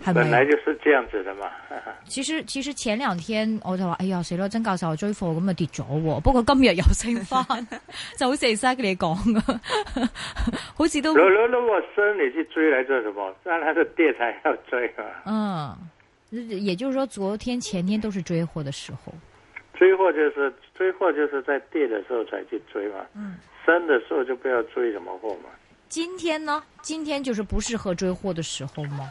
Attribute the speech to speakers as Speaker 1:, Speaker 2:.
Speaker 1: 是是本來
Speaker 2: 就是這樣子的嘛。
Speaker 1: 其實其實前兩天我就說，哎呀，死真搞教我追貨本就跌我。不過今日有升翻， 就好似阿 s i 你講， 好似都。咗咗
Speaker 2: 咗，我升你去追來做什麼？但他是電才
Speaker 1: 要追啊。嗯，也就是說，昨天、前天都是追貨的時候。
Speaker 2: 追貨就是追貨，就是在跌的時候才去追嘛。嗯，生的時候就不要追什麼貨嘛。
Speaker 1: 今天呢？今天就是不適合追貨的時候嗎？